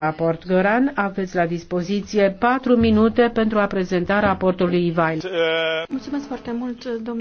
Raport Găran, aveți la dispoziție patru minute pentru a prezenta raportul lui Ivail. Mulțumesc foarte mult, domnule.